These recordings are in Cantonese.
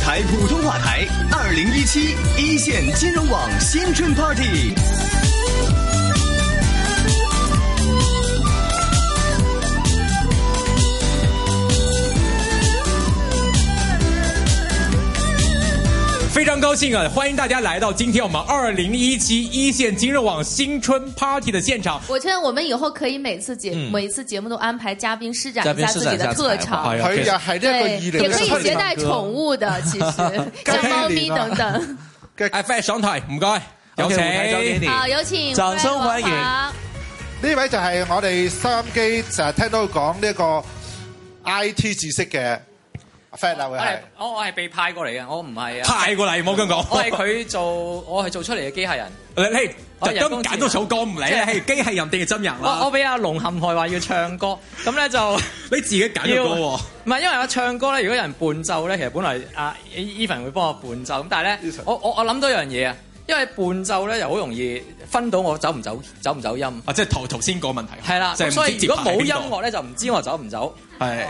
台普通話台，二零一七 e 線金融網新春 party。非常高興啊！歡迎大家來到今天我們二零一七 e 線金融網新春 Party 的現場。我覺得我們以後可以每次節、嗯、每次節目都安排嘉賓施展一下自己的特長。還有呀，還那也，也，也可以攜帶寵物的，其實像貓咪等等。阿發、啊、上台，唔該、OK，有請。啊，有請。掌聲歡迎。呢位就係我哋收音機成日聽到講呢個 IT 知識嘅。f 我係我我係被派過嚟嘅，我唔係啊！派過嚟唔好咁講。我係佢做，我係做出嚟嘅機械人。你你咁揀多首歌唔理，係機械人定係真人？我我俾阿龍陷害話要唱歌，咁咧就你自己揀個喎。唔係因為我唱歌咧，如果有人伴奏咧，其實本嚟阿 Evan 會幫我伴奏。咁但係咧，我我我諗到一樣嘢啊！因為伴奏咧就好容易分到我走唔走走唔走音，啊即係頭頭先個問題，係啦，所以如果冇音樂咧就唔知我走唔走，係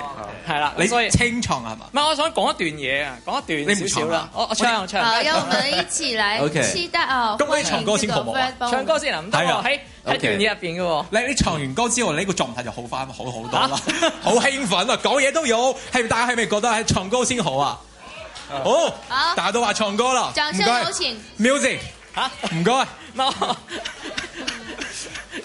係啦，你清唱係嘛？唔係我想講一段嘢啊，講一段少少啦，我我唱我唱。好，讓我們一起來得啊！咁可以唱歌先好冇啊？唱歌先啊！咁喺喺段嘢入邊嘅喎，你你唱完歌之後你個狀態就好翻好好多，好興奮啊！講嘢都有，係大家係咪覺得係唱歌先好啊？好，大家都話唱歌啦，掌聲有請 music 吓，唔該。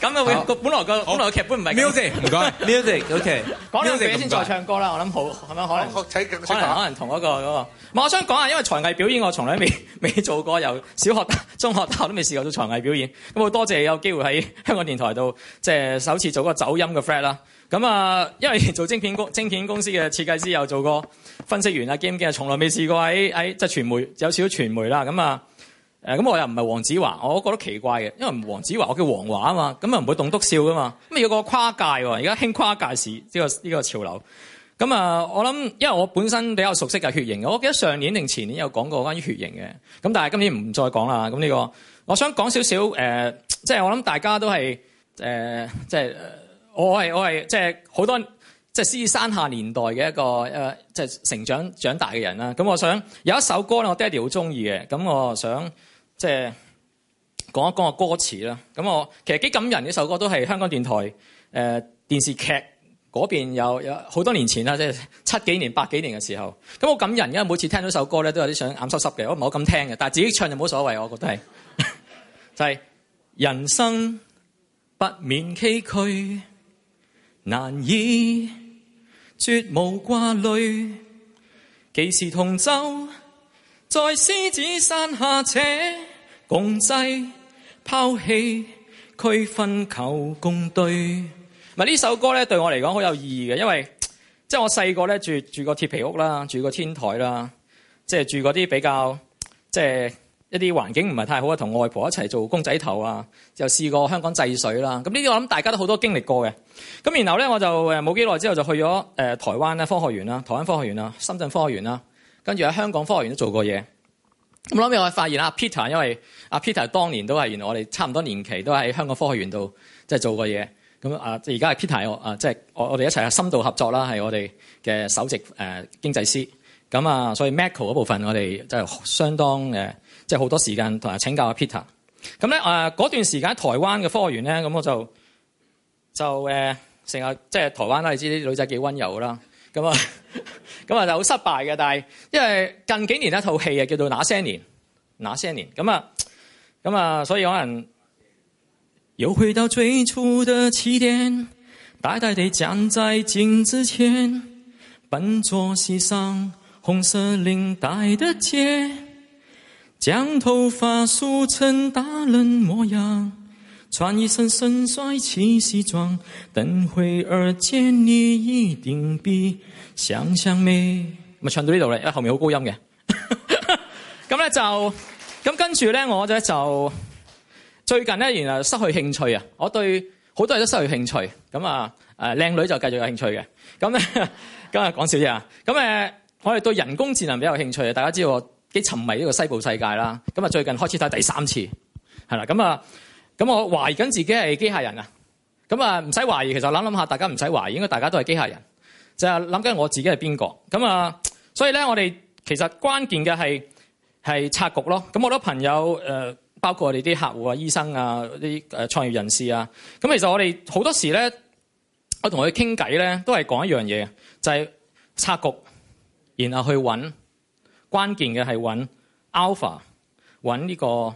咁本來個本來個劇本唔係好。music 唔該，music ok。講兩句嘢先，再唱歌啦。煩我諗好咁可能，可能可能同一個嗰個。我想講啊，因為才藝表演我從來未未做過，由小學、中學、大學都未試過做才藝表演。咁好多謝有機會喺香港電台度即係首次做一個走音嘅 friend 啦。咁啊，因為做晶片公晶片公司嘅設計師又做過分析員啊，兼兼啊，從來未試過喺喺即係傳媒有少少傳媒啦。咁啊誒咁我又唔係黃子華，我覺得奇怪嘅，因為黃子華我叫黃華啊嘛，咁啊唔會棟篤笑噶嘛，咁啊有個跨界喎，而家興跨界事呢、這個呢、這個潮流，咁啊我諗，因為我本身比較熟悉嘅血型，我記得上年定前年有講過關於血型嘅，咁但係今年唔再講啦，咁呢、這個我想講少少誒，即、呃、係、就是、我諗大家都係誒，即、呃、係、就是、我係我係即係好多即係獅山下年代嘅一個誒，即、呃、係、就是、成長長大嘅人啦，咁我想有一首歌咧，我爹哋好中意嘅，咁我想。即係講一講個歌詞啦，咁我其實幾感人呢首歌，都係香港電台誒、呃、電視劇嗰邊有，有好多年前啦，即係七幾年、八幾年嘅時候，咁我感人，因為每次聽到首歌咧，都有啲想眼濕濕嘅，我唔係好咁聽嘅，但自己唱就冇所謂，我覺得係 就係、是、人生不免崎嶇，難以絕無掛慮，幾時同舟在獅子山下且共濟、拋棄、區分、求共對，咪呢首歌咧？對我嚟講好有意義嘅，因為即係我細個咧住住個鐵皮屋啦，住個天台啦，即係住嗰啲比較即係、就是、一啲環境唔係太好啊，同外婆一齊做公仔頭啊，又試過香港制水啦，咁呢啲我諗大家都好多經歷過嘅。咁然後咧，我就誒冇幾耐之後就去咗誒台灣咧科學園啦，台灣科學園啦，深圳科學園啦，跟住喺香港科學園都做過嘢。咁諗起我發現啦，Peter，因為阿 Peter 當年都係原來我哋差唔多年期都喺香港科學園度即係做過嘢。咁啊，而家係 Peter 我啊，即係我我哋一齊深度合作啦，係我哋嘅首席誒經濟師。咁啊，所以 Macro 嗰部分我哋就相當即係好多時間同埋請教阿 Peter。咁咧誒，嗰段時間台灣嘅科學園咧，咁我就就誒成日即係台灣啦，你知啲女仔幾溫柔啦。咁啊～ 咁啊，就好失敗嘅，但係因為近幾年一套戲啊，叫做《那些年，那些年》咁啊，咁啊，所以可能又回到最初的起點，呆呆地站在鏡子前，笨拙繫上紅色領帶的結，將頭髮梳成大人模樣。穿一身身帥氣西裝，等會兒見你一定比想象美。咪唱到呢度咧，因為後面好高音嘅。咁 咧就咁跟住咧，我咧就最近咧，原來失去興趣啊。我對好多嘢都失去興趣。咁啊，誒、呃，靚女就繼續有興趣嘅。咁咧，今日講少啲啊。咁誒、呃，我哋對人工智能比較有興趣嘅。大家知道我幾沉迷呢個西部世界啦。咁啊，最近開始睇第三次係啦。咁啊。咁我懷疑緊自己係機械人啊！咁啊，唔使懷疑，其實諗諗下，大家唔使懷疑，應該大家都係機械人，就係諗緊我自己係邊個？咁啊，所以咧，我哋其實關鍵嘅係係拆局咯。咁好多朋友誒包括我哋啲客戶啊、醫生啊、啲誒創業人士啊，咁其實我哋好多時咧，我同佢傾偈咧，都係講一樣嘢，就係拆局，然後去揾關鍵嘅係揾 Alpha，揾呢個。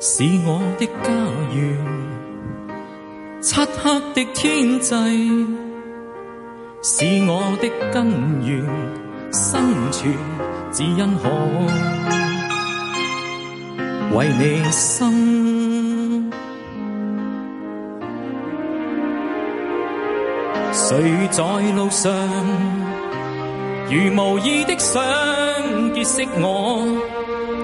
是我的家園，漆黑的天際是我的根源。生存只因可為你生，誰在路上如無意的想結識我？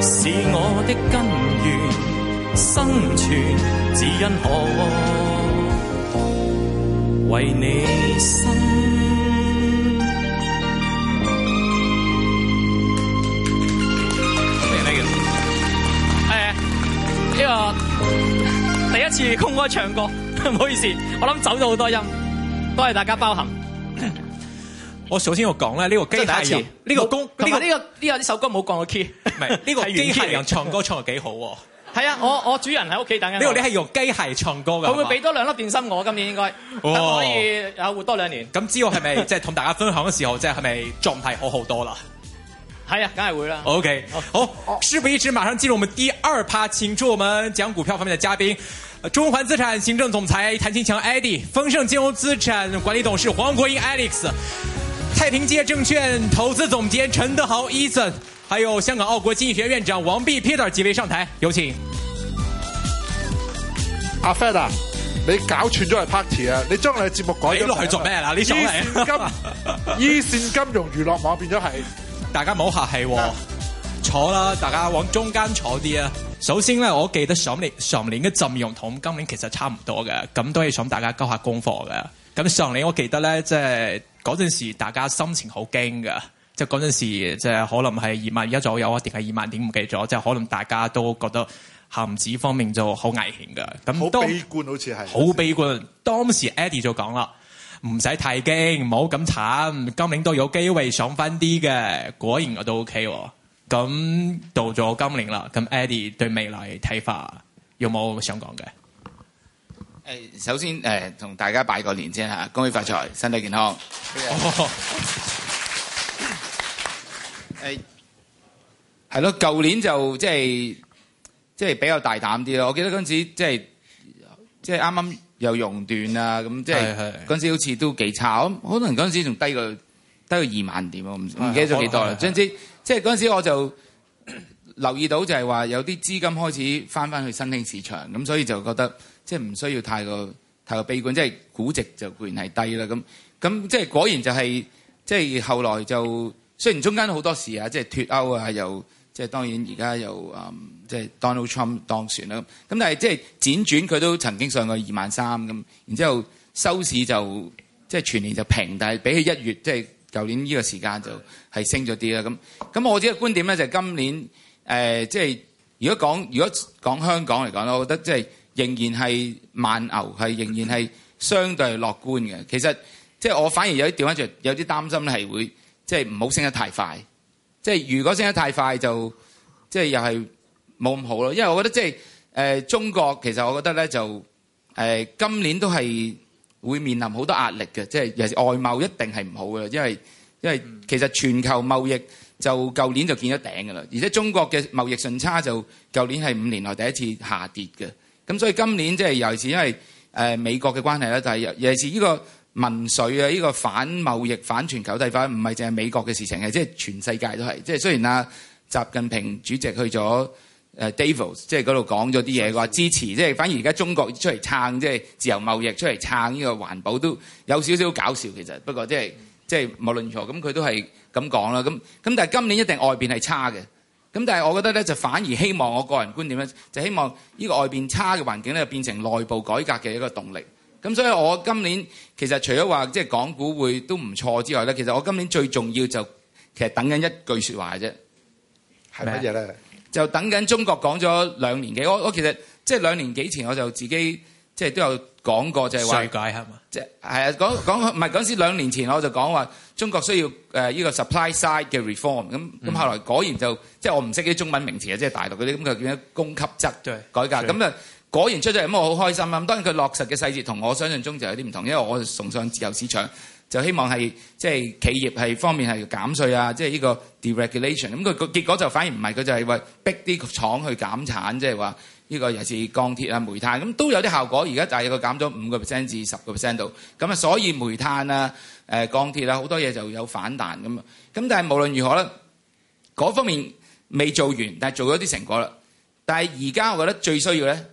是我的根源，生存只因可為你生。咩嘢呢個？誒，呢個第一次公開唱歌，唔 好意思，我諗走咗好多音，多謝大家包涵。我首先要講咧，呢個機械人，呢個工，呢個呢個呢首歌冇降過 key，唔係呢個機械人唱歌唱得幾好喎。係啊，我我主人喺屋企等緊。呢個你係用機械唱歌噶。佢會俾多兩粒電心我，今年應該可以有活多兩年。咁之後係咪即係同大家分享嘅時候，即係係咪狀態好好多啦？係啊，梗係會啦。OK，好，事不宜遲，馬上進入我們第二趴，請出我們講股票方面嘅嘉賓，中環資產行政總裁譚新強 Eddie，豐盛金融資產管理董事黃國英 Alex。太平街證券投資總監陳德豪 （Eason），還有香港澳國經濟學院長王碧 Peter 幾位上台，有請。阿 Fred 啊你搞串咗嚟 party 啊？你將 你嘅節目改咗去做咩啦？呢首金 依線金融娛樂網變咗係。大家唔好客氣，啊、坐啦，大家往中間坐啲啊。首先咧，我記得上年上年嘅陣容同今年其實差唔多嘅，咁都係想大家交下功課嘅。咁上年我記得咧，即、就、係、是。嗰陣時，大家心情好驚噶，即係嗰陣時，即係可能係二萬一左右，咗，定係二萬點唔記得咗，即係可能大家都覺得恆指方面就好危險噶。咁好，好悲觀，好似係好悲觀。的當時 Eddie 就講啦，唔使太驚，唔好咁慘，今年都有機會上返啲嘅。果然我都 OK 喎。咁到咗今年啦，咁 Eddie 對未來睇法有冇想講嘅？誒，首先誒，同、呃、大家拜個年先吓，恭喜發財，身體健康。誒、哦，係咯、 欸，舊年就即係即係比較大膽啲咯。我記得嗰陣時即係即係啱啱又熔斷啊，咁即係嗰陣時好似都幾差。咁可能嗰陣時仲低過低過二萬點啊，唔唔記得咗幾多啦。總之，即係嗰陣時我就 留意到就係話有啲資金開始翻翻去新興市場，咁所以就覺得。即係唔需要太過太過悲觀，即係估值就固然係低啦咁。咁即係果然就係、是，即係後來就雖然中間好多事啊，即係脱歐啊，又即係當然而家又誒，即係 Donald Trump 當選啦。咁但係即係輾轉佢都曾經上過二萬三咁，然之後收市就即係全年就平，但係比起一月即係舊年呢個時間就係升咗啲啦。咁咁我自己嘅觀點咧就係、是、今年誒、呃，即係如果講如果講香港嚟講咧，我覺得即係。仍然係慢牛，係仍然係相對樂觀嘅。其實即係、就是、我反而有啲調翻轉，有啲擔心係會即係唔好升得太快。即、就、係、是、如果升得太快，就即係、就是、又係冇咁好咯。因為我覺得即係誒中國其實我覺得咧就誒、呃、今年都係會面臨好多壓力嘅。即、就、係、是、尤其是外貿一定係唔好嘅，因為因為其實全球貿易就舊年就見咗頂㗎啦。而且中國嘅貿易順差就舊年係五年來第一次下跌嘅。咁所以今年即係尤其是因為美國嘅關係啦，就係尤其是呢個民粹啊，呢、這個反貿易、反全球一體化，唔係淨係美國嘅事情嘅，即係全世界都係。即係雖然啊，習近平主席去咗 Davos 即係嗰度講咗啲嘢話支持，即係反而而家中國出嚟撐，即係自由貿易出嚟撐呢個環保，都有少少搞笑其實。不過即係即係無論如何，咁佢都係咁講啦。咁咁但係今年一定外邊係差嘅。咁但係我覺得咧，就反而希望我個人觀點咧，就希望呢個外面差嘅環境咧，變成內部改革嘅一個動力。咁所以我今年其實除咗話即係港股會都唔錯之外咧，其實我今年最重要就是、其實等緊一句說話啫，係乜嘢咧？就等緊中國講咗兩年幾，我我其實即係、就是、兩年幾前我就自己即係、就是、都有。講過就係話，世界係嘛？即係係啊，講講唔係嗰陣時兩年前我就講話中國需要誒依個 supply side 嘅 reform。咁咁後來果然就即係我唔識啲中文名詞啊，即係大陸嗰啲咁就叫咩供給側改革。咁啊果然出咗嚟，咁我好開心啊！咁當然佢落實嘅細節同我想像中就有啲唔同，因為我崇尚自由市場，就希望係即係企業係方面係要減稅啊，即係依個 deregulation。咁佢個結果就反而唔係，佢就係話逼啲廠去減產，即係話。呢個又是鋼鐵啊、煤炭咁都有啲效果，而家大約佢減咗五個 percent 至十個 percent 度，咁啊，所以煤炭啊、誒鋼鐵啊好多嘢就有反彈咁啊，咁但係無論如何咧，嗰方面未做完，但係做咗啲成果啦。但係而家我覺得最需要咧，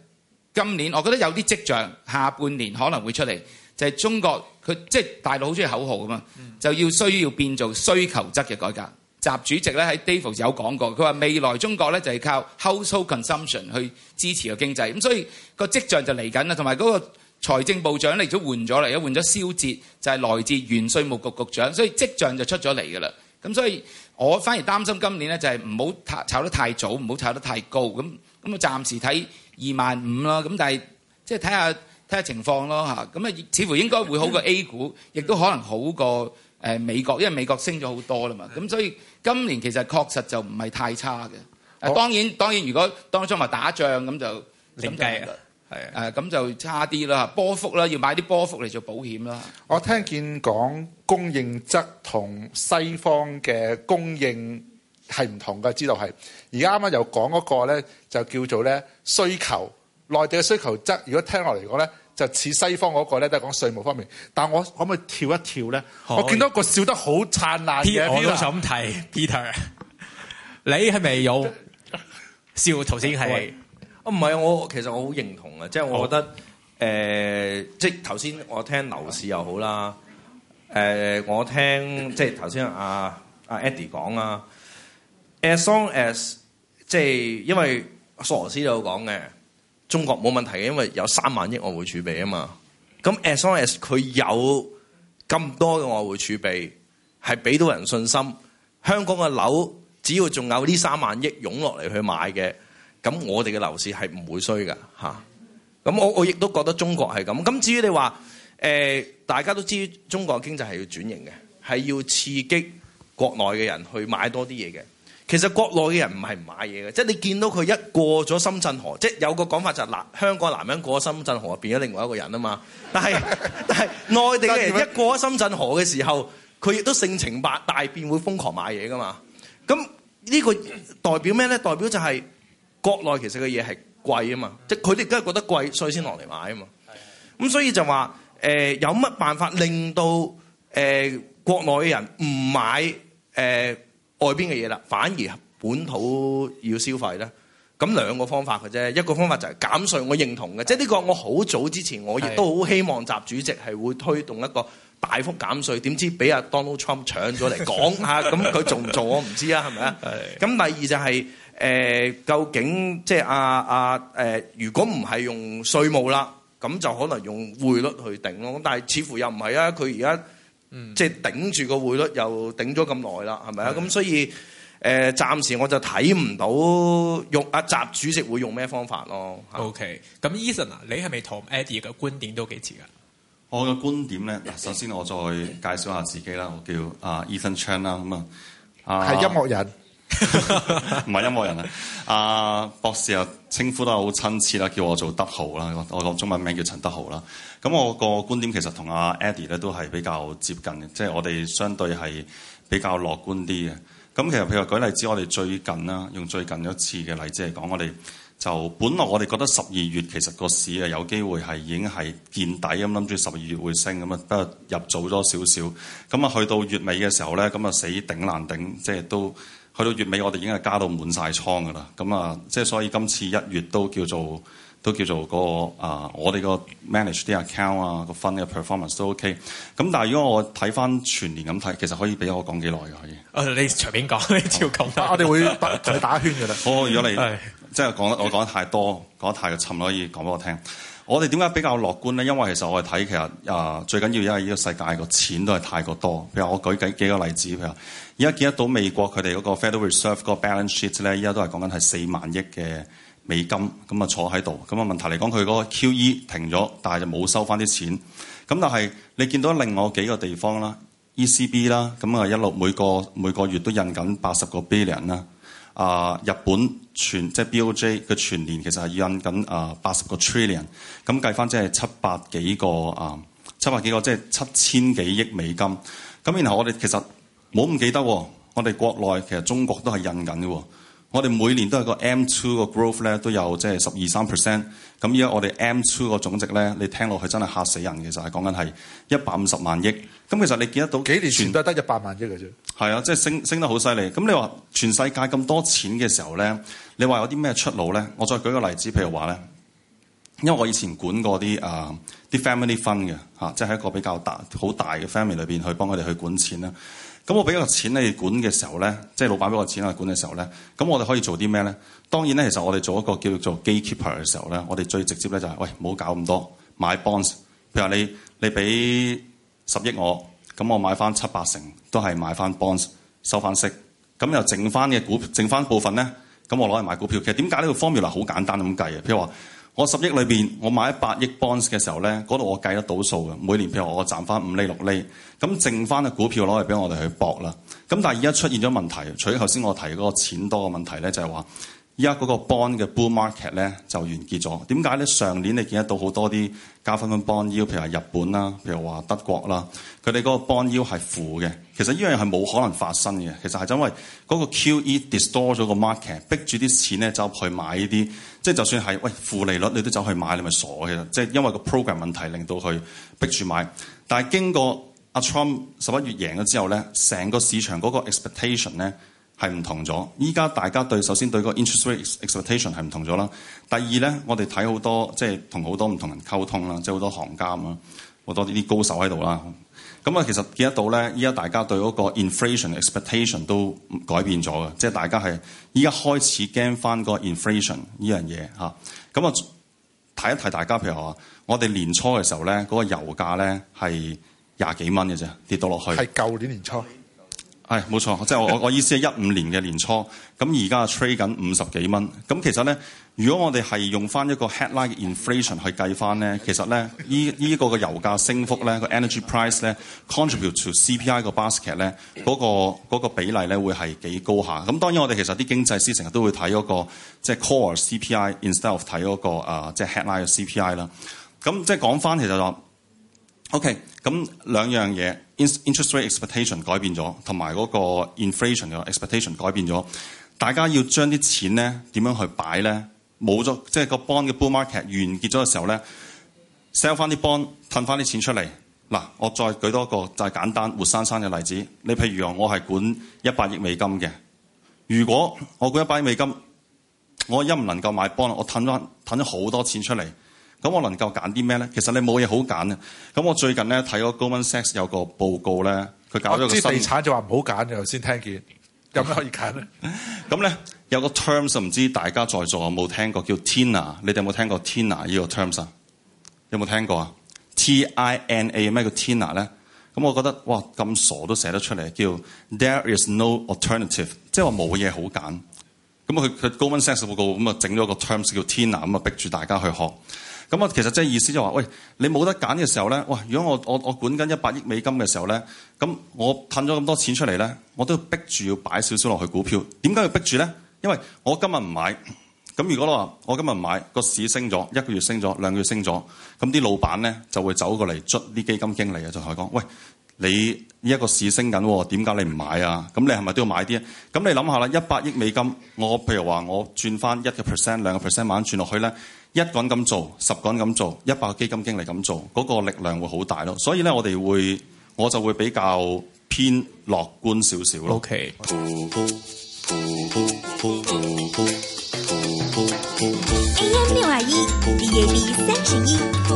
今年我覺得有啲跡象，下半年可能會出嚟，就係、是、中國佢即係大陸好中意口號啊嘛，就要需要變做需求側嘅改革。習主席咧喺 Davos 有講過，佢話未來中國咧就係靠 household consumption 去支持個經濟，咁所以個跡象就嚟緊啦。同埋嗰個財政部長咧亦都換咗啦，而家換咗肖捷，就係、是、來自原稅務局局長，所以跡象就出咗嚟噶啦。咁所以我反而擔心今年咧就係唔好炒得太早，唔好炒得太高。咁咁啊，暫時睇二萬五啦。咁但係即係睇下睇下情況咯嚇。咁啊，似乎應該會好過 A 股，亦都可能好過。誒美國，因為美國升咗好多啦嘛，咁所以今年其實確實就唔係太差嘅。我當然當然，如果當初話打仗咁就點計啊？係誒咁就差啲啦，波幅啦，要買啲波幅嚟做保險啦。我聽見講的供應側同西方嘅供應係唔同嘅，知道係。而家啱啱又講嗰個咧，就叫做咧需求。內地嘅需求側，如果聽落嚟講咧。就似西方嗰個咧，都係講稅務方面。但係我可唔可以跳一跳咧？Okay. 我見到一個笑得好燦爛嘅，Peter, Peter 我都想提。Peter，你係咪有笑？頭先係。我唔係，我其實我好認同嘅，即、就、係、是、我覺得誒，即係頭先我聽樓市又好啦。誒、呃，我聽即係、就、頭、是、先阿阿、啊啊、Eddie 講啊。As long as 即係因為索羅斯有講嘅。中國冇問題嘅，因為有三萬億外匯儲備啊嘛。咁 as long as 佢有咁多嘅外匯儲備，係俾到人信心。香港嘅樓只要仲有呢三萬億湧落嚟去買嘅，咁我哋嘅樓市係唔會衰噶嚇。咁我我亦都覺得中國係咁。咁至於你話誒、呃，大家都知中國經濟係要轉型嘅，係要刺激國內嘅人去買多啲嘢嘅。其實國內嘅人唔係唔買嘢嘅，即係你見到佢一過咗深圳河，即係有個講法就係男香港男人過咗深圳河變咗另外一個人啊嘛。但係 但係內地嘅人一過咗深圳河嘅時候，佢亦都性情百大變，會瘋狂買嘢噶嘛。咁呢個代表咩咧？代表就係國內其實嘅嘢係貴啊嘛，即係佢哋都係覺得貴，所以先落嚟買啊嘛。咁所以就話誒有乜辦法令到誒國內嘅人唔買誒？呃外邊嘅嘢啦，反而本土要消費咧，咁兩個方法嘅啫。一個方法就係減稅，我認同嘅，即係呢個我好早之前我亦都好希望習主席係會推動一個大幅減稅。點是的 知俾阿 Donald Trump 搶咗嚟講嚇，咁佢做唔做我唔知啊，係咪啊？咁是的 第二就係、是、誒、呃，究竟即係阿阿誒，如果唔係用稅務啦，咁就可能用匯率去定咯。咁但係似乎又唔係啊，佢而家。即係、嗯、頂住個匯率又頂咗咁耐啦，係咪啊？咁的所以誒、呃，暫時我就睇唔到用阿習主席會用咩方法咯。OK，咁 Eason 啊，你係咪同 Eddie 嘅觀點都幾似啊？我嘅觀點咧，嗱，首先我再介紹下自己啦，我叫啊、e、Eason Chan 啦，咁啊，係音樂人。啊唔係 音樂人 啊！阿博士啊，稱呼都好親切啦，叫我做德豪啦。我我中文名叫陳德豪啦。咁我個觀點其實同阿 Eddie 咧都係比較接近嘅，即係我哋相對係比較樂觀啲嘅。咁其實譬如舉例子，我哋最近啦，用最近一次嘅例子嚟講，我哋就本來我哋覺得十二月其實個市啊有機會係已經係見底咁，諗住十二月會升咁啊，不過入早咗少少咁啊，去到月尾嘅時候咧，咁啊死頂難頂，即係都。去到月尾，我哋已經係加到滿晒倉噶啦。咁啊，即係所以今次一月都叫做都叫做、嗰個啊，我哋個 manage 啲 account 啊，個分嘅 performance 都 OK。咁但係如果我睇翻全年咁睇，其實可以俾我講幾耐嘅可以。啊，uh，你隨便講，你照講，我哋會再打圈嘅啦。好，如果你 即係講得我講得太多，講 得太沉，可以講俾我聽。我哋點解比較樂觀咧？因為其實我哋睇其實啊，最緊要因為呢個世界個錢都係太過多。譬如我舉幾幾個例子，譬如話而家見得到美國佢哋嗰個 Federal Reserve 嗰個 balance sheet 咧，而家都係講緊係四萬億嘅美金咁啊坐喺度。咁啊問題嚟講，佢嗰個 QE 停咗，但係就冇收翻啲錢。咁但係你見到另外幾個地方啦，ECB 啦，咁啊一路每個每個月都印緊八十個 billion 啦。啊！Uh, 日本全即係 B.O.J. 佢全年其實要印緊啊八十個 trillion，咁計返即係七百幾個啊、uh, 七百幾個即係、就是、七千幾億美金。咁然後我哋其實冇咁記得，我哋國內其實中國都係印緊嘅。我哋每年都係個 M2 個 growth 咧都有即係十二三 percent，咁依家我哋 M2 個總值咧，你聽落去真係嚇死人嘅，就係講緊係一百五十萬億。咁其實你見得到全幾年前都係得一百萬億嘅啫。係啊，即係升升得好犀利。咁你話全世界咁多錢嘅時候咧，你話有啲咩出路咧？我再舉個例子，譬如話咧，因為我以前管過啲、uh, 啊啲 family fund 嘅嚇，即係喺一個比較大好大嘅 family 裏面去幫佢哋去管錢啦。咁我俾個錢你管嘅時候咧，即係老闆俾個錢我管嘅時候咧，咁我哋可以做啲咩咧？當然咧，其實我哋做一個叫做 gatekeeper 嘅時候咧，我哋最直接咧就係喂唔好搞咁多買 bonds，譬如你你俾十億我，咁我買翻七八成都係買翻 bonds 收翻息，咁又剩翻嘅股票剩翻部分咧，咁我攞嚟買股票。其實點解呢個 formula 好簡單咁計嘅？譬如話。我十億裏面，我買八億 bonds 嘅時候咧，嗰度我計得到數嘅。每年譬如我賺翻五厘六厘，咁剩翻嘅股票攞嚟俾我哋去搏啦。咁但係而家出現咗問題，除咗頭先我提嗰個錢多嘅問題咧，就係話，而家嗰個 bond 嘅 bull market 咧就完結咗。點解咧？上年你見得到好多啲加分分 bond yield，譬如話日本啦，譬如話德國啦，佢哋嗰個 bond yield 係負嘅。其實呢樣嘢係冇可能發生嘅。其實係因為嗰個 QE distort 咗個 market，逼住啲錢咧就去買呢啲。即係就算係喂負利率你都走去買你咪傻嘅啦！即係因為個 program 問題令到佢逼住買，但係經過阿 Trump 十一月贏咗之後咧，成個市場嗰個 expectation 咧係唔同咗。依家大家對首先對個 interest rate expectation 係唔同咗啦。第二咧，我哋睇好多即係同好多唔同人溝通啦，即係好多行家咁啊，好多呢啲高手喺度啦。咁啊，其實見得到咧，依家大家對嗰個 inflation expectation 都改變咗嘅，即係大家係依家開始驚翻嗰個 inflation 呢樣嘢吓，咁啊，提一提大家譬如話我哋年初嘅時候咧，嗰個油價咧係廿幾蚊嘅啫，跌到落去係舊年年初。唉，冇錯，哎，即係我我我意思係一五年嘅年初，咁而家係 trade 緊五十幾蚊。咁其實咧，如果我哋係用翻一個 headline inflation 去計翻咧，其實咧呢依、呢個嘅油價升幅咧個 energy price 咧 contribute to CPI 嘅 basket 咧嗰、嗰個嗰、嗰個、比例咧會係幾高下。咁當然我哋其實啲經濟師成日都會睇嗰個即係 core CPI，instead of 睇嗰個啊即係 headline 嘅 CPI 啦。咁即係講翻其實話 OK，咁兩樣嘢。Interest rate expectation 改變咗，同埋嗰個 inflation 嘅 expectation 改變咗，大家要將啲錢咧點樣去擺咧，冇咗即係個 bond 嘅 bull market 完結咗嘅時候咧，sell 翻啲 bond，褪翻啲錢出嚟。嗱，我再舉多一個就係、是、簡單活生生嘅例子。你譬如話我係管一百億美金嘅，如果我管一百億美金，我一唔能夠買 bond，我褪翻褪咗好多錢出嚟。咁我能夠揀啲咩咧？其實你冇嘢好揀啊！咁我最近咧睇個 Goldman Sachs 有個報告咧，佢搞咗個、啊、即地產就話唔好揀，你頭先聽見， 有咩可以揀咧？咁咧有個 terms，就唔知大家在座有冇聽過，叫 Tina。你哋有冇聽過 Tina 呢個 terms 啊？有冇聽過啊？T-I-N-A，咩叫 Tina 咧？咁我覺得哇，咁傻都寫得出嚟，叫 There is no alternative，即係話冇嘢好揀。咁佢佢 Goldman Sachs 報告咁啊整咗個 terms 叫 Tina 咁啊逼住大家去學。咁啊其實即係意思就話，喂，你冇得揀嘅時候咧，喂，如果我我我管緊一百億美金嘅時候咧，咁我褪咗咁多錢出嚟咧，我都逼住要擺少少落去股票。點解要逼住咧？因為我今日唔買。咁如果我今日唔買，個市升咗一個月，升咗兩個月升咗，咁啲老闆咧就會走過嚟捽啲基金經理啊，就同佢講，喂。你呢一個市升緊喎，點解你唔買啊？咁你係咪都要買啲？咁你諗下啦，一百億美金，我譬如話我轉翻一個 percent 兩個 percent，慢慢轉落去咧，一個人咁做，十個人咁做，一百個基金經理咁做，嗰個力量會好大咯。所以咧，我哋會，我就會比較偏樂觀少少咯。O K。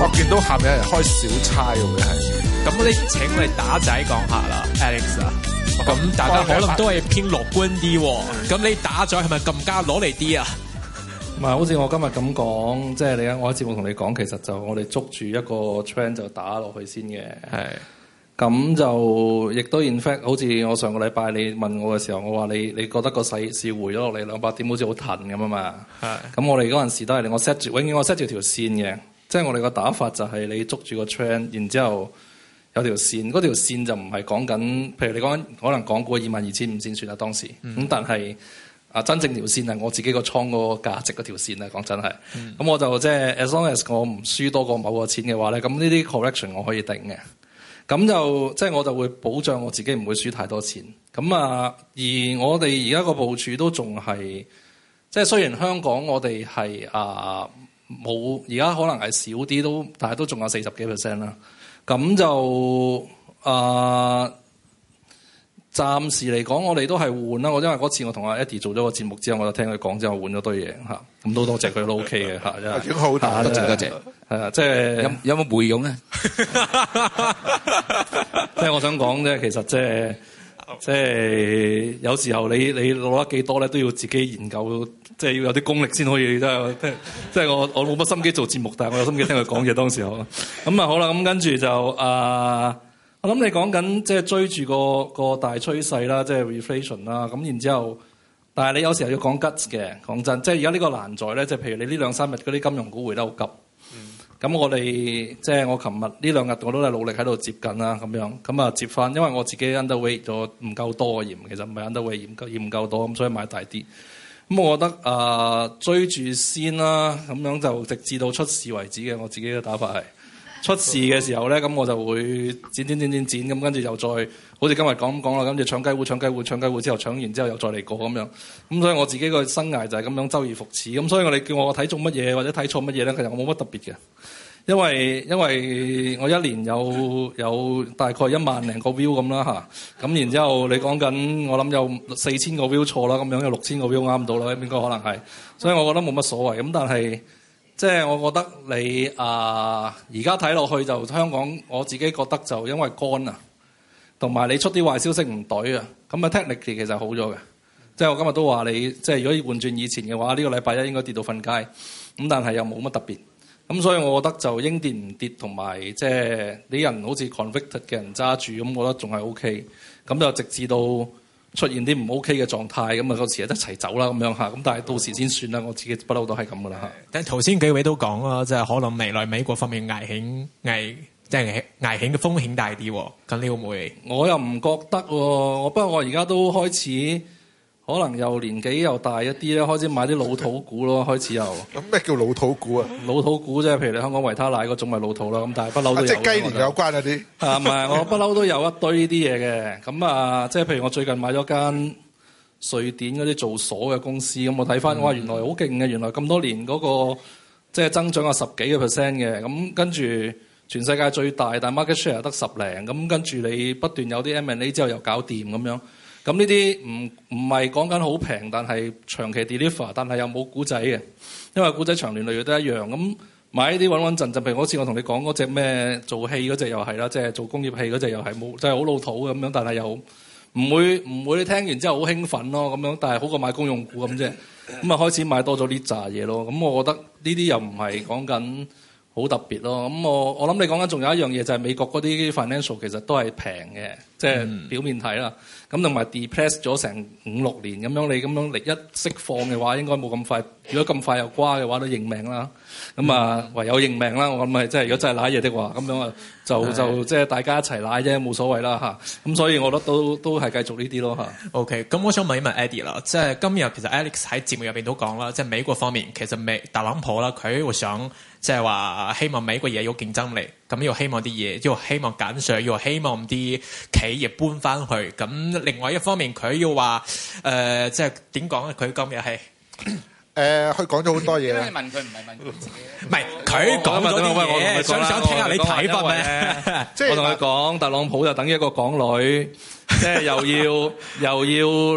我見到下面有人開小差嘅，會係咁，我哋 請你打仔講下啦，Alex 啊，咁 大家可能都係偏樂觀啲喎、啊。咁 你打仔係咪更加攞嚟啲啊？唔 好似我今日咁講，即、就、係、是、你，我喺節目同你講，其實就我哋捉住一個 trend 就打落去先嘅。係的，咁就亦都 in fact，好似我上個禮拜你問我嘅時候，我話你，你覺得個勢是回咗落嚟兩百點，好似好騰咁啊嘛。係的，咁我哋嗰陣時都係我 set 住，永遠我 set 住條線嘅。即係我哋個打法就係你捉住個 trend，然之後有條線，嗰條線就唔係講緊，譬如你講可能港股二萬二千五線算啦，當時咁，嗯、但係啊真正條線係我自己個倉嗰個價值嗰條線咧，講真係，咁、嗯、我就即係 as long as 我唔輸多過某個錢嘅話咧，咁呢啲 correction 我可以頂嘅，咁就即係我就會保障我自己唔會輸太多錢。咁啊，而我哋而家個部署都仲係，即係雖然香港我哋係啊。冇，而家可能係少啲都，但係都仲有四十幾 percent 啦。咁就啊、呃，暫時嚟講，我哋都係換啦。我因為嗰次我同阿 Eddie 做咗個節目之後，我就聽佢講之後換咗堆嘢嚇。咁都多謝佢都 OK 嘅嚇，係。係，好大。多謝多謝。誒、OK，即、啊、係、啊就係、有有冇回應咧？即係我想講咧，其實即、就、係、係。即係有時候你你攞得幾多咧，都要自己研究，即係要有啲功力先可以。即係即係我我冇乜心機做節目，但係我有心機聽佢講嘢。 當時候咁啊，好啦，咁跟住就啊、呃，我諗你講緊即係追住個個大趨勢啦，即係 reflation 啦。咁然之後，但係你有時候要講 guts 嘅，講真，即係而家呢個難在咧，即係譬如你呢兩三日嗰啲金融股回得好急。咁我哋即係我琴日呢兩日我都係努力喺度接近啦，咁樣咁就接返，因為我自己 underweight 咗唔夠多而鹽，其實唔係 underweight 鹽夠鹽唔夠多，咁所以買大啲。咁我覺得啊、呃、追住先啦，咁樣就直至到出事為止嘅，我自己嘅打法係。出事嘅時候咧，咁我就會剪剪剪剪剪咁，跟住又再好似今日講咁講啦，跟住搶雞糊搶雞糊搶雞糊之後搶完之後又再嚟過咁樣，咁所以我自己個生涯就係咁樣周而復始咁，所以我哋叫我睇中乜嘢或者睇錯乜嘢咧，其實我冇乜特別嘅，因為因為我一年有有大概一萬零個 view 咁啦吓咁然之後你講緊我諗有四千個 view 錯啦，咁樣有六千個 view 啱唔到啦，應該可能係，所以我覺得冇乜所謂咁，但係。即係我覺得你啊，而家睇落去就香港，我自己覺得就因為乾啊，同埋你出啲壞消息唔對啊，咁啊 technically 其實好咗嘅。即係我今日都話你，即係如果要換轉以前嘅話，呢個禮拜一應該跌到瞓街，咁但係又冇乜特別。咁所以我覺得就應跌唔跌同埋即係啲人好似 convicted 嘅人揸住，咁我覺得仲係 O K。咁就直至到。出現啲唔 OK 嘅狀態，咁啊嗰時一齊走啦咁樣嚇。咁但係到時先算啦，我自己不嬲都係咁噶啦嚇。但係頭先幾位都講啦，即係可能未來美國方面危險危，即係危險嘅風險大啲。咁你會唔會？我又唔覺得喎、啊，不過我而家都開始。可能又年紀又大一啲咧，開始買啲老土股咯，開始又。咁咩叫老土股啊？老土股啫、就是，譬如你香港維他奶嗰種咪老土啦。咁但係不嬲都。即係雞年有關嗰啲。啊唔係，我不嬲都有一堆呢啲嘢嘅。咁 啊，即、就、係、是、譬如我最近買咗間瑞典嗰啲做鎖嘅公司，咁我睇翻，嗯、哇，原來好勁嘅，原來咁多年嗰、那個即係、就是、增長咗十幾個 percent 嘅。咁跟住全世界最大，但係 market share 得十零，咁跟住你不斷有啲 M&A 之後又搞掂咁樣。咁呢啲唔唔係講緊好平，但係長期 deliver，但係又冇古仔嘅，因為古仔長年累月都一樣。咁買呢啲穩穩陣陣，譬如好似我同你講嗰隻咩做戲嗰隻又係啦，即係做工業戲嗰隻又係冇，即係好老土咁樣，但係又唔會唔會你聽完之後好興奮咯咁樣，但係好過買公用股咁啫。咁啊開始買多咗呢扎嘢咯。咁我覺得呢啲又唔係講緊。好特別咯，咁我我諗你講緊，仲有一樣嘢就係、是、美國嗰啲 financial 其實都係平嘅，即、就、係、是、表面睇啦，咁同埋 depress 咗成五六年咁樣，你咁樣力一釋放嘅話，應該冇咁快。如果咁快又瓜嘅話，都認命啦。咁啊，嗯、唯有認命啦！我諗咪即係，如果真係瀨嘢的話，咁樣啊，就就即係大家一齊瀨啫，冇所謂啦吓是的 咁所以，我覺得都都係繼續呢啲咯吓 O K，咁我想問一問 Eddie 啦，即係今日其實 Alex 喺節目入面都講啦，即係美國方面其實美特朗普啦，佢會想即係話希望美國嘢有競爭力，咁又希望啲嘢，又希望減稅，又希望啲企業搬翻去。咁另外一方面，佢要話誒，即係點講咧？佢今日係。 誒，佢講咗好多嘢咧。你問佢唔係問佢自己，唔係佢講咗啲嘢，想唔想聽下你睇法咧？即係我同佢講，特朗普就等於一個港女，即係又要又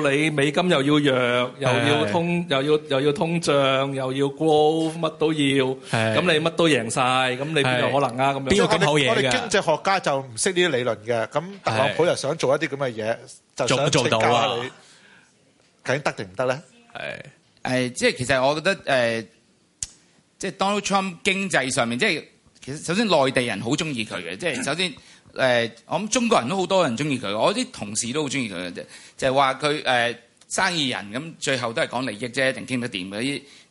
要你美金又要弱，又要通又要又要通脹，又要沽，乜都要。咁你乜都贏晒，咁你邊有可能啊？咁邊有咁好嘢嘅？我哋經濟學家就唔識呢啲理論嘅。咁特朗普又想做一啲咁嘅嘢，就做唔做到啊你，究竟得定唔得咧？係。誒，即係、呃、其實我覺得誒，即係 Donald Trump 經濟上面，即係其實首先內地人好中意佢嘅，即係首先誒、呃，我諗中國人都好多人中意佢，我啲同事都好中意佢嘅啫，就係話佢誒生意人咁，最後都係講利益啫，一定傾得掂嘅。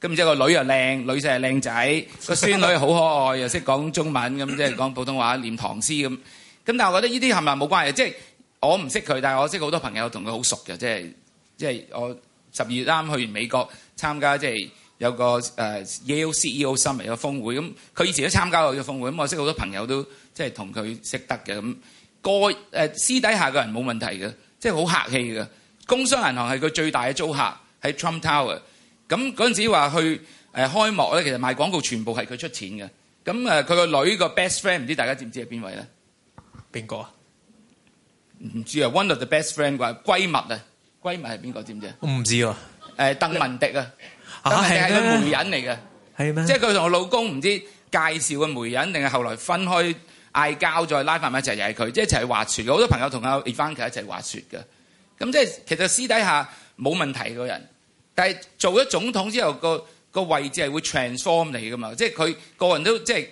咁然之後個女又靚，女仔係靚仔，個孫女好可愛，又識講中文咁，即係講普通話、念唐詩咁。咁但係我覺得呢啲冚唪唥冇關係，即係我唔識佢，但係我識好多朋友同佢好熟嘅，即係即係我。十二月啱去完美國參加即係、就是、有個、uh, Yale CEO Summit 嘅峰會，咁佢以前都參加過個峰會，咁、嗯嗯、我識好多朋友都即係同佢識得嘅咁。個誒、呃、私底下嘅人冇問題嘅，即係好客氣嘅。工商銀行係佢最大嘅租客喺 Trump Tower、嗯。咁嗰陣時話去誒、呃、開幕咧，其實賣廣告全部係佢出錢嘅。咁佢個女個 best friend 唔知大家知唔知係邊位咧？邊個啊？唔知啊，one of the best friend 話閨蜜啊。閨蜜係邊個？知唔知啊？我唔知喎。誒，鄧文迪啊，鄧文迪係個媒人嚟嘅，係咩？即係佢同我老公唔知介紹嘅媒人，定係後來分開嗌交，再拉翻埋一齊又係佢，即係一齊滑雪嘅。好多朋友同阿 Ivanka 一齊滑雪嘅。咁即係其實私底下冇問題個人，但係做咗總統之後，個個位置係會 transform 你㗎嘛。即係佢個人都即係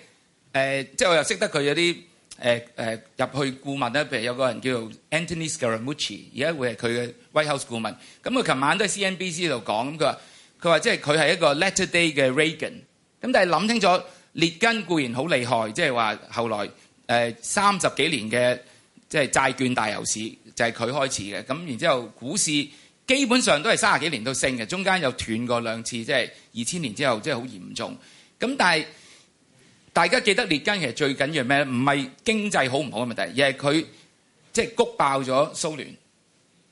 誒，即係我又識得佢有啲。誒誒入去顧問咧，譬如有個人叫做 Anthony Scaramucci，而家會係佢嘅 White House 顧問。咁佢琴晚都喺 CNBC 度講，咁佢話：佢話即係佢係一個 Letter Day 嘅 Reagan。咁但係諗清楚，列根固然好厲害，即係話後來誒三十幾年嘅即係債券大牛市就係佢開始嘅。咁然之後股市基本上都係三十幾年都升嘅，中間又斷過兩次，即係二千年之後即係好嚴重。咁但係。大家記得列根其實最緊要係咩咧？唔係經濟好唔好嘅問題，而係佢即係谷爆咗蘇聯。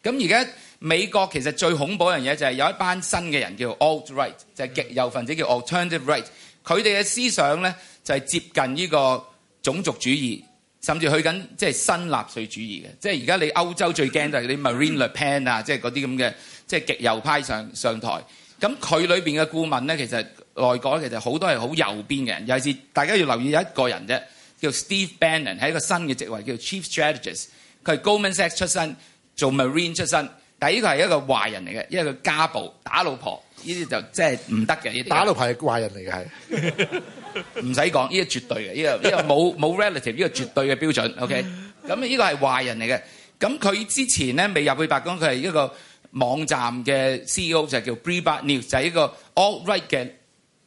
咁而家美國其實最恐怖一樣嘢就係有一班新嘅人叫 Alt Right，就係極右分子叫 Alternative Right。佢哋嘅思想咧就係、是、接近呢個種族主義，甚至去緊即係新納粹主義嘅。即係而家你歐洲最驚就係啲 Marine Le Pen 啊，即係嗰啲咁嘅即係極右派上上台。咁佢裏面嘅顧問咧，其實內閣其實好多係好右邊嘅人，尤其是大家要留意有一個人啫，叫 Steve Bannon，係一個新嘅職位，叫 Chief Strategist。佢係 Goldman Sachs 出身，做 Marine 出身，但係呢個係一個壞人嚟嘅，因為佢家暴、打老婆呢啲就即係唔得嘅。打老婆係壞人嚟嘅，係唔使講，呢個絕對嘅，呢個呢個冇冇 relative，呢個絕對嘅標準。OK，咁呢 個係壞人嚟嘅。咁佢之前咧未入去白宮，佢係一個網站嘅 CEO，就係叫 Breitbart News 就係一個 alt-right 嘅。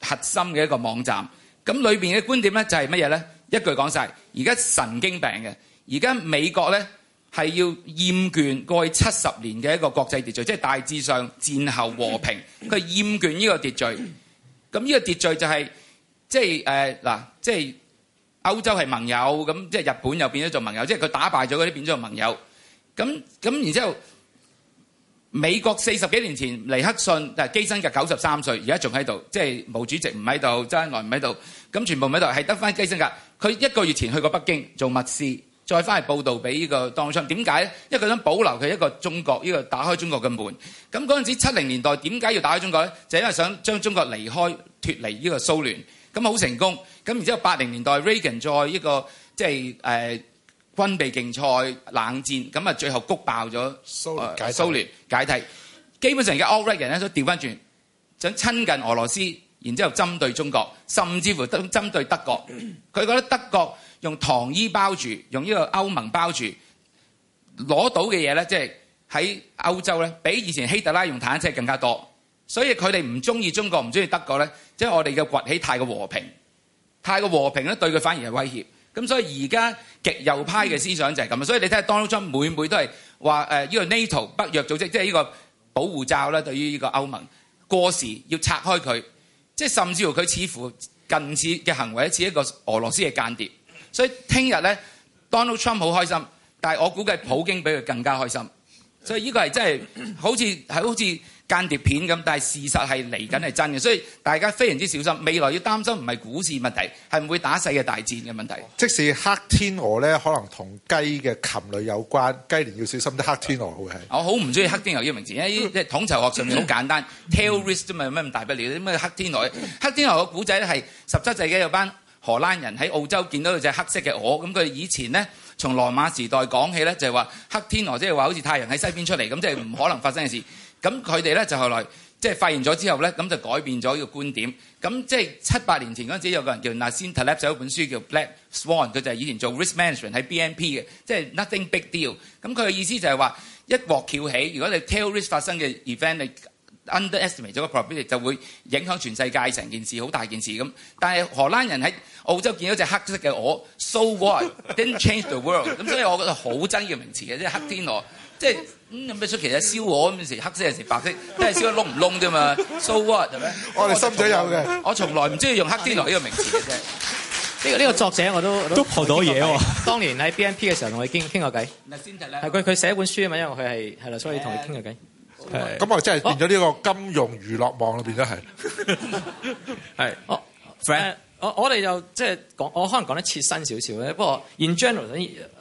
核心嘅一個網站，咁裏邊嘅觀點咧就係乜嘢咧？一句講晒，而家神經病嘅，而家美國咧係要厭倦過去七十年嘅一個國際秩序，即係大致上戰後和平，佢厭倦呢個秩序。咁呢個秩序就係即係誒嗱，即係歐洲係盟友，咁即係日本又變咗做盟友，即係佢打敗咗嗰啲變咗做盟友。咁咁然之後。美國四十幾年前尼克遜，啊基辛格九十三歲，而家仲喺度，即係毛主席唔喺度，周恩來唔喺度，咁全部唔喺度，係得翻基辛格。佢一個月前去過北京做密事，再翻嚟報道俾呢個當上。點解咧？因為想保留佢一個中國呢、這個打開中國嘅門。咁嗰陣時七零年代點解要打開中國咧？就是、因為想將中國離開脫離呢個蘇聯。咁好成功。咁然之後八零年代 Reagan 再一個即係誒。呃軍備競賽、冷戰，咁啊，最後谷爆咗蘇聯解體，解體，基本上嘅歐洲人咧都調翻轉，想親近俄羅斯，然之後針對中國，甚至乎都針對德國。佢覺得德國用糖衣包住，用呢個歐盟包住，攞到嘅嘢咧，即係喺歐洲咧，比以前希特拉用坦克車更加多。所以佢哋唔中意中國，唔中意德國咧，即係我哋嘅崛起太過和平，太過和平咧，對佢反而係威脅。咁所以而家極右派嘅思想就係咁，所以你睇下 Donald Trump 每每都係話誒呢個 NATO 北約組織，即係呢個保護罩呢，對於呢個歐盟過時要拆開佢，即係甚至乎佢似乎近似嘅行為似一個俄羅斯嘅間諜，所以聽日咧 Donald Trump 好開心，但係我估計普京比佢更加開心，所以呢個係真係好似係好似。間諜片咁，但係事實係嚟緊係真嘅，所以大家非常之小心。未來要擔心唔係股市問題，係唔會打世嘅大戰嘅問題。即使黑天鵝咧，可能同雞嘅禽類有關。雞年要小心啲黑天鵝好嘅。我好唔中意黑天鵝呢個名字，因為即係統籌學上面好簡單 take risk 啫嘛，有咩咁大不了？點解黑天鵝？黑天鵝嘅古仔咧係十七世紀有班荷蘭人喺澳洲見到一隻黑色嘅鵝。咁佢以前咧，從羅馬時代講起咧，就係話黑天鵝，即係話好似太陽喺西邊出嚟咁，即係唔可能發生嘅事。嗯。咁佢哋咧就後來即係發現咗之後咧，咁就改變咗呢個觀點。咁即係七八年前嗰陣時有個人叫 Nassim Taleb 寫一本書叫 Black Swan，佢就係以前做 Risk Management 喺 BNP 嘅，即係 Nothing Big Deal。咁佢嘅意思就係話一鑊翹起，如果你 tail risk 發生嘅 event 你 underestimate 咗個 probability，就會影響全世界成件事，好大件事咁。但係荷蘭人喺澳洲見到隻黑色嘅鵝，so what didn't change the world？咁所以我覺得好憎呢個名詞嘅，即係黑天鵝，即係。咁有咩出奇啊？燒鵝咁時，黑色定係白色，都係燒得燶唔燶啫嘛？So what？係咪？我哋心水有嘅。我從來唔中意用黑天鵝呢個名詞嘅啫。呢個呢個作者我都都學到嘢喎。當年喺 BNP 嘅時候，同我傾傾過偈。嗱先就係咧。係佢佢寫一本書啊嘛，因為佢係係啦，所以同你傾下偈。係。咁我真係變咗呢個金融娛樂網咯，變咗係。係。哦，friend。我我哋就即係講，我可能講得切身少少咧。不過 in general，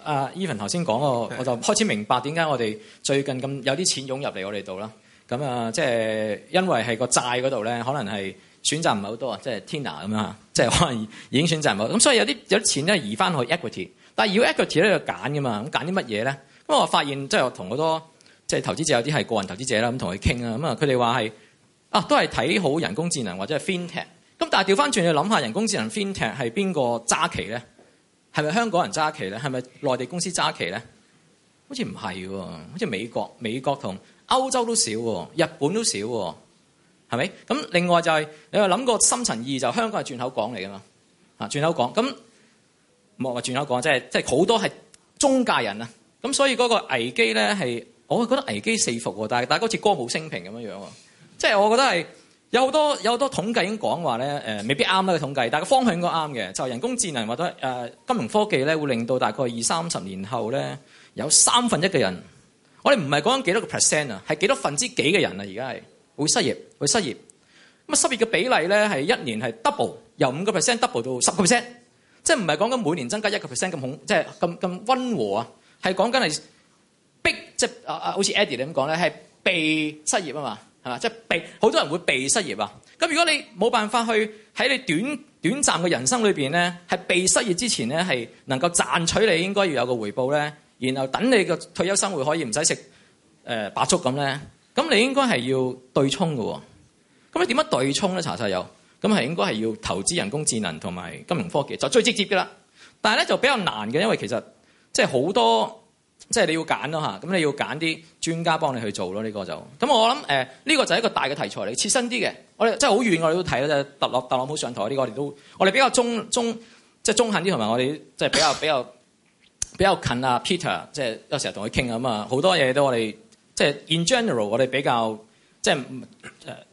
阿 Evan 頭先講個，我就開始明白點解我哋最近咁有啲錢湧入嚟我哋度啦。咁啊，即係因為係個債嗰度咧，可能係選擇唔係好多啊，即係 Tina 咁樣嚇，即係可能已經選擇唔係好多。咁所以有啲有啲錢咧移翻去 equity，但係要 equity 咧要揀㗎嘛。咁揀啲乜嘢咧？咁我發現即係我同好多即係投資者有啲係個人投資者啦，咁同佢傾啊。咁啊，佢哋話係啊，都係睇好人工智能或者係 FinTech。咁但係調翻轉，去，諗下人工智能 fintech 係邊個揸旗咧？係咪香港人揸旗咧？係咪內地公司揸旗咧？好似唔係喎，好似美國、美國同歐洲都少喎，日本都少喎，係咪？咁另外就係、是、你話諗個深層意義就香港係轉口港嚟㗎嘛，啊轉口港咁，莫話轉口港，即係即係好多係中介人啊！咁所以嗰個危機咧係，我覺得危機四伏喎，但係但家好似歌舞升平咁樣樣喎，即、就、係、是、我覺得係。有好多有好多統計已經講話咧，誒、呃、未必啱啦、呢個統計，但係個方向應該啱嘅。就係、人工智能或者誒、呃、金融科技咧，會令到大概二三十年後咧，有三分一嘅人，我哋唔係講緊幾多個 percent 啊，係幾多分之幾嘅人啊，而家係會失業，會失業。咁啊失業嘅比例咧係一年係 double，由五個 percent double 到十個 percent，即係唔係講緊每年增加一個 percent 咁恐，即係咁咁溫和 big,、就是、啊？係講緊係逼，即係啊啊，好似 Eddie 咁講咧，係被失業啊嘛。即係被好多人會被失業啊！咁如果你冇辦法去喺你短短暫嘅人生裏面咧，係被失業之前咧係能夠賺取你應該要有個回報咧，然後等你嘅退休生活可以唔使食誒白粥咁咧，咁你應該係要對沖㗎喎。咁你點樣對沖咧？查實有咁係應該係要投資人工智能同埋金融科技就最直接嘅啦。但係咧就比較難嘅，因為其實即係好多。即係你要揀咯吓，咁你要揀啲專家幫你去做咯。呢、呢個就咁我諗呢、呃呢個就係一個大嘅題材嚟，切身啲嘅。我哋即係好遠，我哋都睇到就是、特朗普上台呢、呢個我，我哋都我哋比較中中即係、就是、中肯啲，同埋我哋即係比較 比較比較近啊。Peter 即係有時候同佢傾啊嘛，好多嘢都我哋即係 in general 我哋比較即係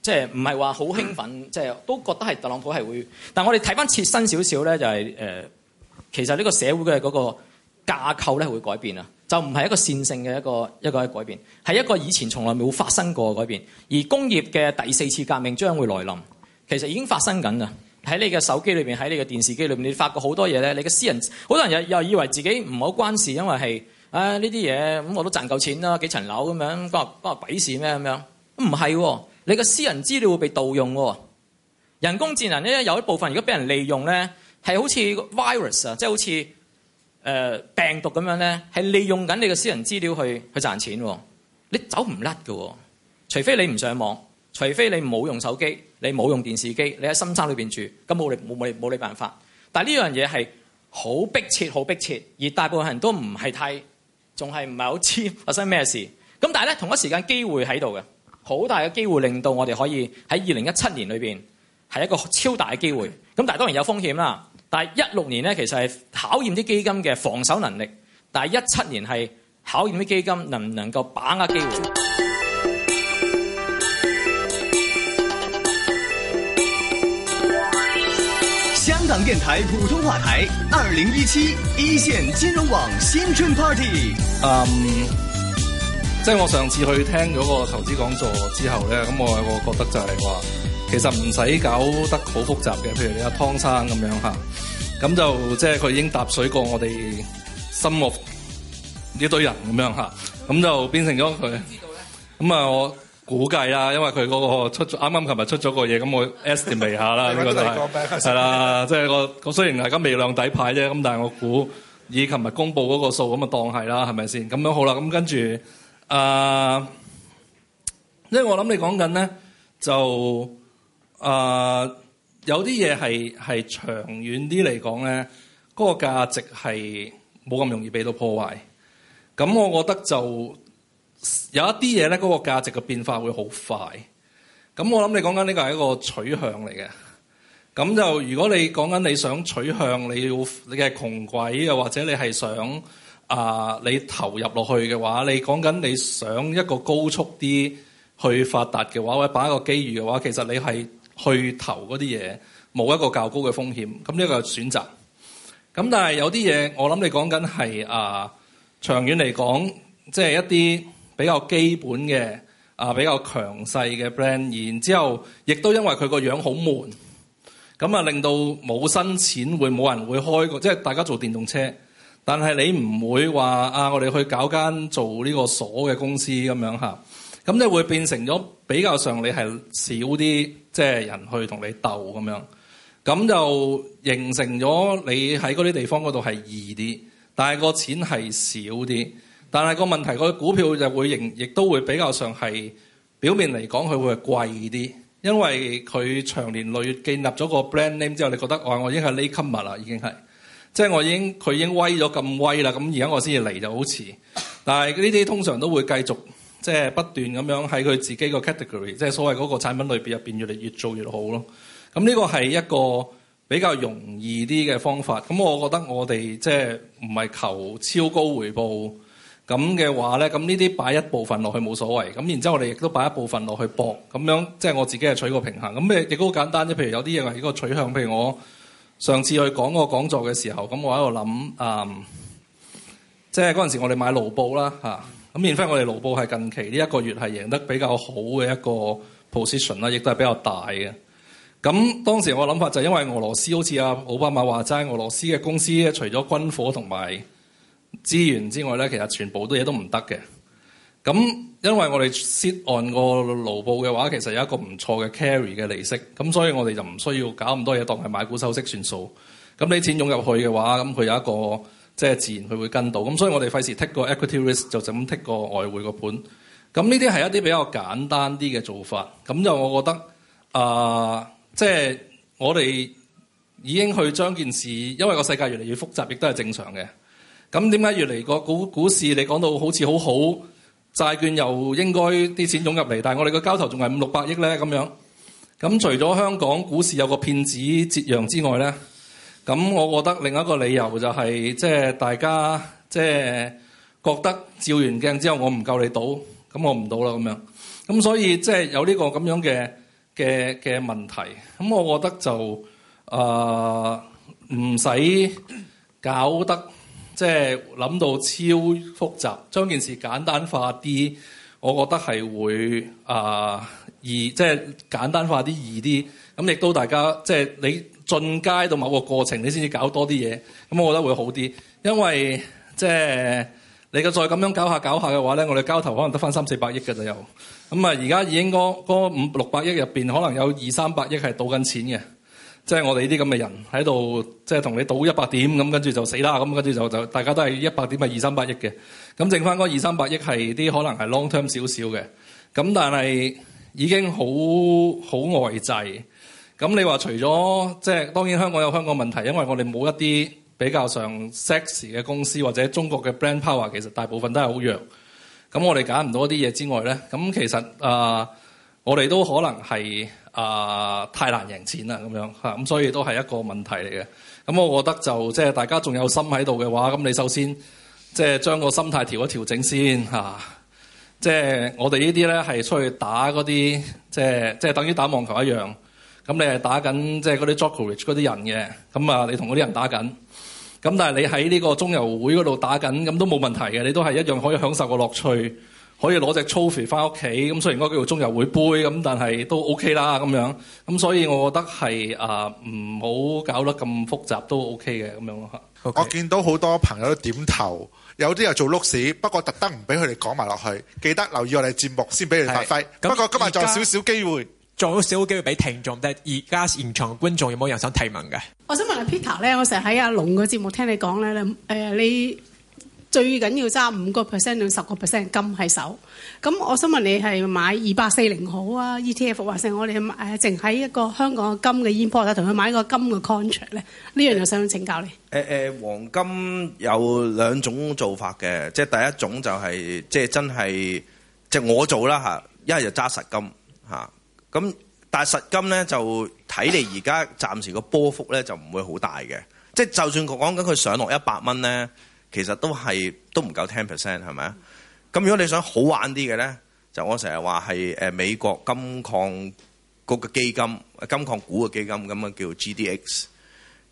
即係唔係話好興奮，即、就、係、是、都覺得係特朗普係會。但我哋睇翻切身少少咧，就係、是呃、其實呢個社會嘅嗰個架構咧會改變啊。就唔係一個線性嘅一個一個嘅改變，係一個以前從來冇發生過嘅改變。而工業嘅第四次革命將會來臨，其實已經發生緊喇！喺你嘅手機裏邊，喺你嘅電視機裏邊，你發覺好多嘢咧，你嘅私人好多人又又以為自己唔好關事，因為係啊呢啲嘢咁我都賺夠錢啦，幾層樓咁樣，關關鬼事咩咁樣？唔係喎，你嘅私人資料會被盜用喎。人工智能咧有一部分如果俾人利用咧，係好似 virus 啊，即係好似。誒、呃、病毒咁樣咧，係利用緊你嘅私人資料去去賺錢，哦，你走唔甩喎，除非你唔上網，除非你冇用手機，你冇用電視機，你喺深山裏面住，咁冇你冇冇冇你辦法。但係呢樣嘢係好迫切，好迫切，而大部分人都唔係太，仲係唔係好知發生咩事？咁但係咧，同一時間機會喺度嘅，好大嘅機會令到我哋可以喺二零一七年裏面，係一個超大嘅機會。咁但係當然有風險啦。但係一六年咧，其實係考驗啲基金嘅防守能力；但係一七年係考驗啲基金能唔能夠把握機會。香港電台普通話台二零一七 e 線金融網新春 Party。嗯，即係我上次去聽嗰個投資講座之後咧，咁我有個覺得就係話。其實唔使搞得好複雜嘅，譬如你阿湯生咁樣吓，咁就即係佢已經踏水過我哋心目呢堆人咁樣吓，咁就變成咗佢。咁啊，我估計啦，因為佢嗰個出啱啱琴日出咗個嘢，咁我 estimate 下啦，應該係係啦，即係個個雖然大家未亮底牌啫，咁但係我估以琴日公布嗰個數，咁啊當係啦，係咪先？咁樣好啦，咁跟住啊，因為我諗你講緊咧就。啊！Uh, 有啲嘢係係長遠啲嚟講咧，嗰、那個價值係冇咁容易俾到破壞。咁我覺得就有一啲嘢咧，嗰、那個價值嘅變化會好快。咁我諗你講緊呢個係一個取向嚟嘅。咁就如果你講緊你想取向你，你要你嘅窮鬼，又或者你係想啊、呃，你投入落去嘅話，你講緊你想一個高速啲去發達嘅話，或者把握一個機遇嘅話，其實你係。去投嗰啲嘢，冇一個較高嘅風險，咁呢個選擇。咁但係有啲嘢，我諗你講緊係啊長遠嚟講，即係一啲比較基本嘅啊比較強勢嘅 brand，然之後亦都因為佢個樣好悶，咁啊令到冇新錢會冇人會開過，即係大家做電動車，但係你唔會話啊我哋去搞間做呢個鎖嘅公司咁樣吓，咁你會變成咗比較上你係少啲。即係人去同你鬥咁樣，咁就形成咗你喺嗰啲地方嗰度係易啲，但係個錢係少啲。但係個問題，個股票就會亦都會比較上係表面嚟講佢會係貴啲，因為佢長年累月建立咗個 brand name 之後，你覺得，哎，我已經係 late comer 啦，已經係，即係我已經佢已經威咗咁威啦，咁而家我先至嚟就好遲，但係呢啲通常都會繼續。即係不斷咁樣喺佢自己個 category，即係所謂嗰個產品類別入邊，越嚟越做越好咯。咁呢個係一個比較容易啲嘅方法。咁我覺得我哋即係唔係求超高回報咁嘅話咧，咁呢啲擺一部分落去冇所謂。咁然之後我哋亦都擺一部分落去搏。咁樣即係我自己係取個平衡。咁亦都好簡單啫。譬如有啲嘢話係個取向，譬如我上次去講嗰個講座嘅時候，咁我喺度諗，即係嗰陣時我哋買盧布啦嚇。咁免費我哋盧布係近期呢一個月係贏得比較好嘅一個 position 啦，亦都係比較大嘅。咁當時我諗法就因為俄羅斯好似阿奧巴馬話齋，俄羅斯嘅公司除咗軍火同埋資源之外咧，其實全部都嘢都唔得嘅。咁因為我哋涉案個盧布嘅話，其實有一個唔錯嘅 carry 嘅利息，咁所以我哋就唔需要搞咁多嘢當係買股收息算數。咁啲錢湧入去嘅話，咁佢有一個。即係自然佢會跟到，咁所以我哋費事剔個 equity risk，就就咁剔個外匯個盤。咁呢啲係一啲比較簡單啲嘅做法。咁就我覺得，啊、呃，即、就、係、是、我哋已經去將件事，因為個世界越嚟越複雜，亦都係正常嘅。咁點解越嚟個股股市你講到好似好好，債券又應該啲錢湧入嚟，但係我哋個交投仲係五六百億咧咁樣。咁除咗香港股市有個騙子折讓之外咧？咁我覺得另一個理由就係，即係大家即係覺得照完鏡之後，我唔夠你賭，咁我唔賭啦咁樣。咁所以即係有呢個咁樣嘅嘅嘅問題。咁我覺得就誒唔使搞得即係諗到超複雜，將件事簡單化啲，我覺得係會啊易即係簡單化啲易啲。咁亦都大家即係你。進階到某個過程，你先至搞多啲嘢，咁我覺得會好啲，因為即係你嘅再咁樣搞下搞下嘅話咧，我哋交投可能得翻三四百億嘅就又，咁啊而家已經嗰五六百億入面，可能有二三百億係賭緊錢嘅，即係我哋呢啲咁嘅人喺度，即係同你賭一百點，咁跟住就死啦，咁跟住就就大家都係一百點咪二三百億嘅，咁剩翻嗰二三百億係啲可能係 long term 少少嘅，咁但係已經好好呆滯。咁你話除咗，即係當然香港有香港問題，因為我哋冇一啲比較上 sexy 嘅公司，或者中國嘅 brand power 其實大部分都係好弱。咁我哋揀唔到一啲嘢之外咧，咁其實啊、呃，我哋都可能係啊、呃、太難贏錢啦咁樣嚇，咁所以都係一個問題嚟嘅。咁我覺得就即係大家仲有心喺度嘅話，咁你首先即係將個心態調一調整先嚇。即係我哋呢啲咧係出去打嗰啲即係即係等於打網球一樣。咁你係打緊即係嗰啲 Djokovic 嗰啲人嘅，咁啊你同嗰啲人打緊。咁但係你喺呢個中游會嗰度打緊，咁都冇問題嘅，你都係一樣可以享受個樂趣，可以攞隻 trophy 翻屋企。咁雖然個叫做中游會杯，咁但係都 OK 啦咁樣。咁所以我覺得係啊，唔好搞得咁複雜都 OK 嘅咁樣嚇。我見到好多朋友都點頭，有啲又做碌屎，不過特登唔俾佢哋講埋落去，記得留意我哋節目先俾你發揮。不過今日仲有少少機在會。仲有少機會俾聽眾，但係而家現場嘅觀眾有冇人想提問嘅？我想問阿 Peter 咧，我成日喺阿龍個節目聽你講咧，誒、呃，你最緊要揸五個 percent 到十個 percent 金喺手。咁我想問你係買二百四零號啊，ETF 或者我哋誒淨喺一個香港嘅金嘅 import 同佢買一個金嘅 contract 咧，呢樣有想唔想請教你？誒誒、呃呃，黃金有兩種做法嘅，即係第一種就係、是、即係真係即係我做啦嚇、啊，一係就揸實金嚇。啊。咁但係實金咧，就睇你而家暫時個波幅咧就唔會好大嘅，即係就算講講緊佢上落一百蚊咧，其實都係都唔夠 ten percent 係咪？咁如果你想好玩啲嘅咧，就我成日話係誒美國金礦嗰個基金金礦股嘅基金咁樣，叫 GDX。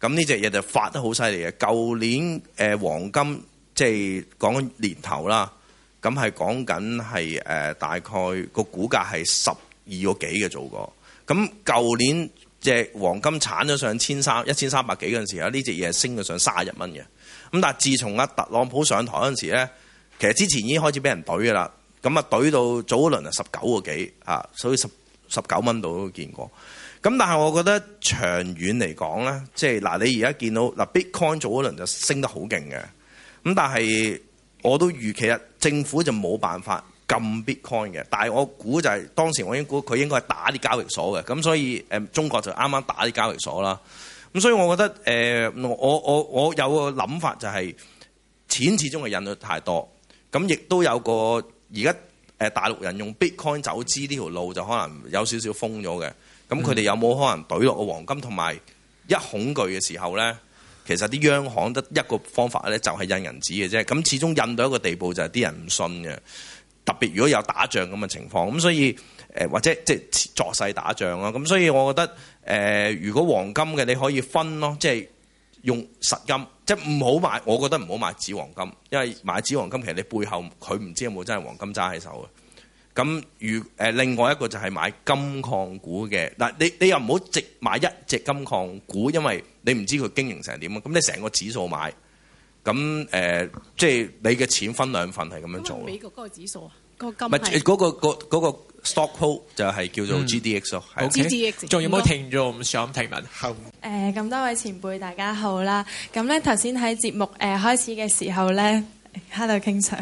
咁呢隻嘢就發得好犀利嘅。舊年誒、呃、黃金即係講緊年頭啦，咁係講緊係誒大概、個股價係十。二個幾嘅做過，咁舊年隻黃金產咗上千三一千三百幾嗰陣時候，呢隻嘢升咗上卅日蚊嘅。咁但係自從阿特朗普上台嗰陣時呢，其實之前已經開始俾人懟嘅啦。咁啊懟到早嗰輪啊十九個幾，所以十十九蚊度都見過。咁但係我覺得長遠嚟講呢，即係嗱你而家見到嗱 Bitcoin 早嗰輪就升得好勁嘅。咁但係我都預期啊，政府就冇辦法。禁 Bitcoin 嘅，但係我估就係、是、當時我已經估佢應該係打啲交易所嘅，咁所以、嗯、中國就啱啱打啲交易所啦。咁所以我覺得誒、呃、我我我，我有個諗法就係、是、錢始終係印得太多，咁亦都有個而家、呃、大陸人用 Bitcoin 走資呢條路就可能有少少封咗嘅。咁佢哋有冇可能懟落個黃金？同埋、嗯、一恐懼嘅時候呢，其實啲央行得一個方法呢，就係印銀紙嘅啫。咁始終印到一個地步就係啲人唔信嘅。特別如果有打仗咁嘅情況，咁所以誒、呃、或者即係作勢打仗咯，咁所以我覺得誒、呃、如果黃金嘅你可以分咯，即、就、係、是、用實金，即係唔好買，我覺得唔好買紙黃金，因為買紙黃金其實你背後佢唔知有冇真係黃金揸喺手嘅。咁如誒另外一個就係買金礦股嘅，嗱你你又唔好直買一隻金礦股，因為你唔知佢經營成點啊，咁你成個指數買。咁誒，即係、呃即係、你嘅錢分兩份，係咁樣做美國嗰個指數啊，嗰個金嗰、嗰個嗰、嗰個 stock pool 就係叫做 GDX，係、嗯。O.K. 仲有冇停咗唔想提問？咁多、呃、位前輩大家好啦，咁咧頭先喺節目誒開始嘅時候咧。Hello King Sir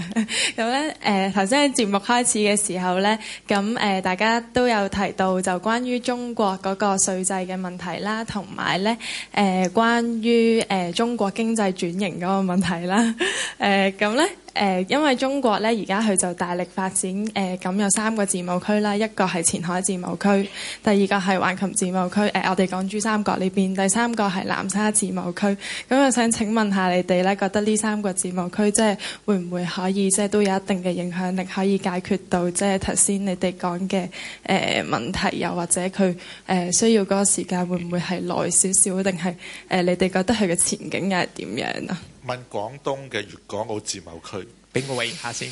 咁咧，誒頭先喺節目開始嘅時候咧，咁誒大家都有提到就關於中國嗰個稅制嘅問題啦，同埋咧誒關於誒中國經濟轉型嗰個問題啦，誒咁咧。誒、呃，因為中國咧而家佢就大力發展誒，咁、呃、有三個自貿區啦，一個係前海自貿區，第二個係橫琴自貿區，誒、呃、我哋講珠三角呢邊，第三個係南沙自貿區。咁我想請問下你哋咧，覺得呢三個自貿區即係會唔會可以即係都有一定嘅影響力，可以解決到即係頭先你哋講嘅誒問題，又或者佢、呃、需要嗰個時間會唔會係耐少少，定係、呃、你哋覺得佢嘅前景又係點樣啊？問廣東嘅粵港澳自貿區，俾個位下先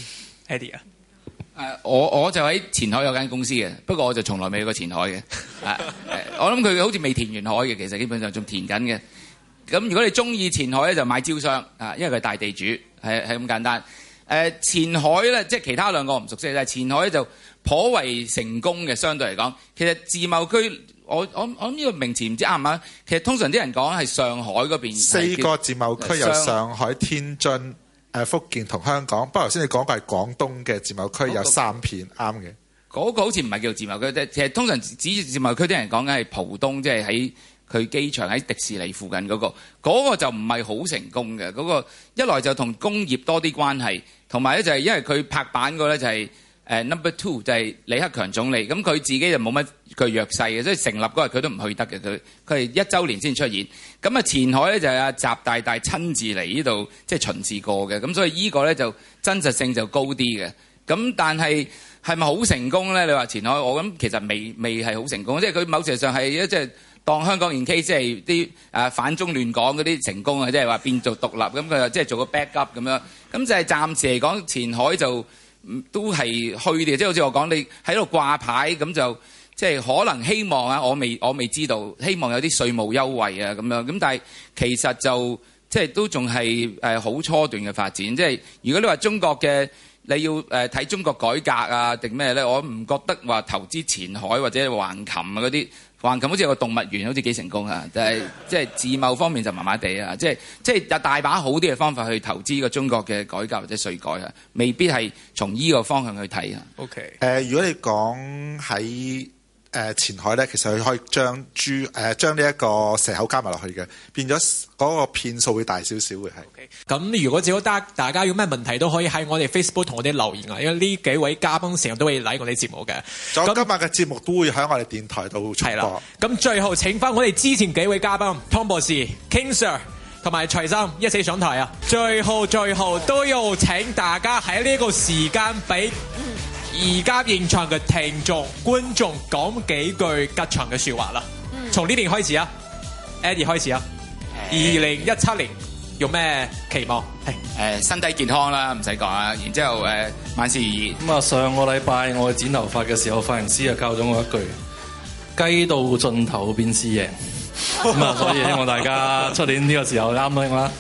，Eddie 啊。誒、uh,，我我就喺前海有間公司嘅，不過我就從來未去過前海嘅。Uh, uh, 我諗佢好似未填完海嘅，其實基本上仲填緊嘅。咁如果你中意前海咧，就買招商，啊、uh,，因為佢係大地主係係咁簡單。誒、uh,，前海咧，即係其他兩個我唔熟悉，但係前海就頗為成功嘅，相對嚟講，其實自貿區。我我我諗呢個名詞唔知啱唔啱，其實通常啲人講係上海嗰邊。四個自貿區由上海、上海天津、誒、呃、福建同香港。不過頭先你講嘅係廣東嘅自貿區、嗰個、有三片，啱嘅。嗰個好似唔係叫自貿區啫，其實通常指自貿區啲人講緊係浦東，即係喺佢機場喺迪士尼附近嗰、嗰個，嗰、嗰個就唔係好成功嘅。嗰、嗰個一來就同工業多啲關係，同埋咧就係因為佢拍板個咧就係、是。Uh, number two 就係李克強總理，咁佢自己就冇乜佢弱勢嘅，所以成立嗰日佢都唔去得嘅，佢佢係一週年先出現。咁啊前海咧就係、是、阿習大大親自嚟呢度即係巡視過嘅，咁所以個呢個咧就真實性就高啲嘅。咁但係係咪好成功咧？你話前海我諗其實未未係好成功，即係佢某程度上係即係當香港 in case 即係啲反中亂港嗰啲成功啊，即係話變做獨立咁佢即係做個 back up 咁樣。咁就係暫時嚟講前海就。都係去嘅，即係好似我講，你喺度掛牌咁就，即係可能希望啊，我未我未知道，希望有啲稅務優惠啊咁樣，咁但係其實就即係都仲係好初段嘅發展，即係如果你話中國嘅你要呃睇中國改革啊定咩呢？我唔覺得話投資前海或者橫琴啊嗰啲。橫琴好似有個動物園，好似幾成功啊！但係即係自貿方面就麻麻地啊！即係即係有大把好啲嘅方法去投資個中國嘅改革或者稅改啊，未必係從呢個方向去睇啊。OK，呃，如果你講喺。誒、呃、前海咧，其實佢可以將豬誒將呢一個蛇口加埋落去嘅，變咗嗰個片數會大少少嘅係。咁、okay. 如果只好得大家有咩問題都可以喺我哋 Facebook 同我哋留言啊，因為呢幾位嘉賓成日都會嚟、like、我哋節目嘅。咁今日嘅節目都會喺我哋電台度出播。咁那最後請翻我哋之前幾位嘉賓湯博士、Boss, King Sir 同埋徐生一齊上台啊！最後最後都要請大家喺呢個時間俾，嗯而家現，現場嘅聽眾觀眾講幾句吉祥嘅說話啦，從呢邊開始啊，Eddy 開始啊，二零一七年用咩期望？誒，身體健康啦，唔使講啊，然之後誒、呃、萬事如意。咁啊，上個禮拜我剪頭髮嘅時候，髮型師啊教咗我一句：雞到盡頭變是贏。咁啊， 所以希望大家出年呢個時候啱興啦。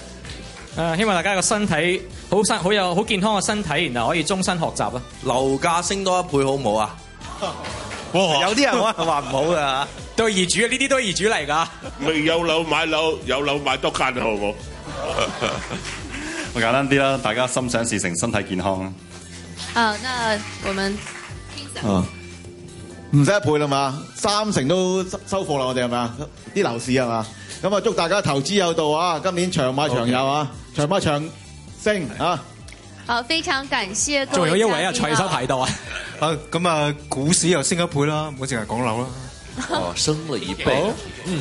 誒，希望大家個身體好身好有好健康嘅身體，然後可以終身學習咯。樓價升多一倍好唔好啊？哇有啲人話唔好嘅吓，都係業 主啊，呢啲都係業主嚟噶。未有樓買樓，有樓買多間好唔好？ 簡單啲啦，大家心想事成，身體健康。啊，那我們啊。哦唔使一倍啦嘛，三成都收貨啦，我哋係咪？啲樓市係嘛，咁啊祝大家投資有道啊！今年長買長有啊，Okay. 長買長升 Okay. 啊！好，非常感謝。仲有一位啊，財神提到啊！啊咁啊，股市又升一倍啦，唔好淨係講樓啦， 哦，升咗一倍，好嗯。